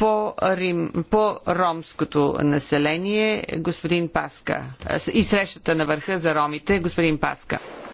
по, рим, по ромското население господин Паска и срещата на върха за ромите господин Паска.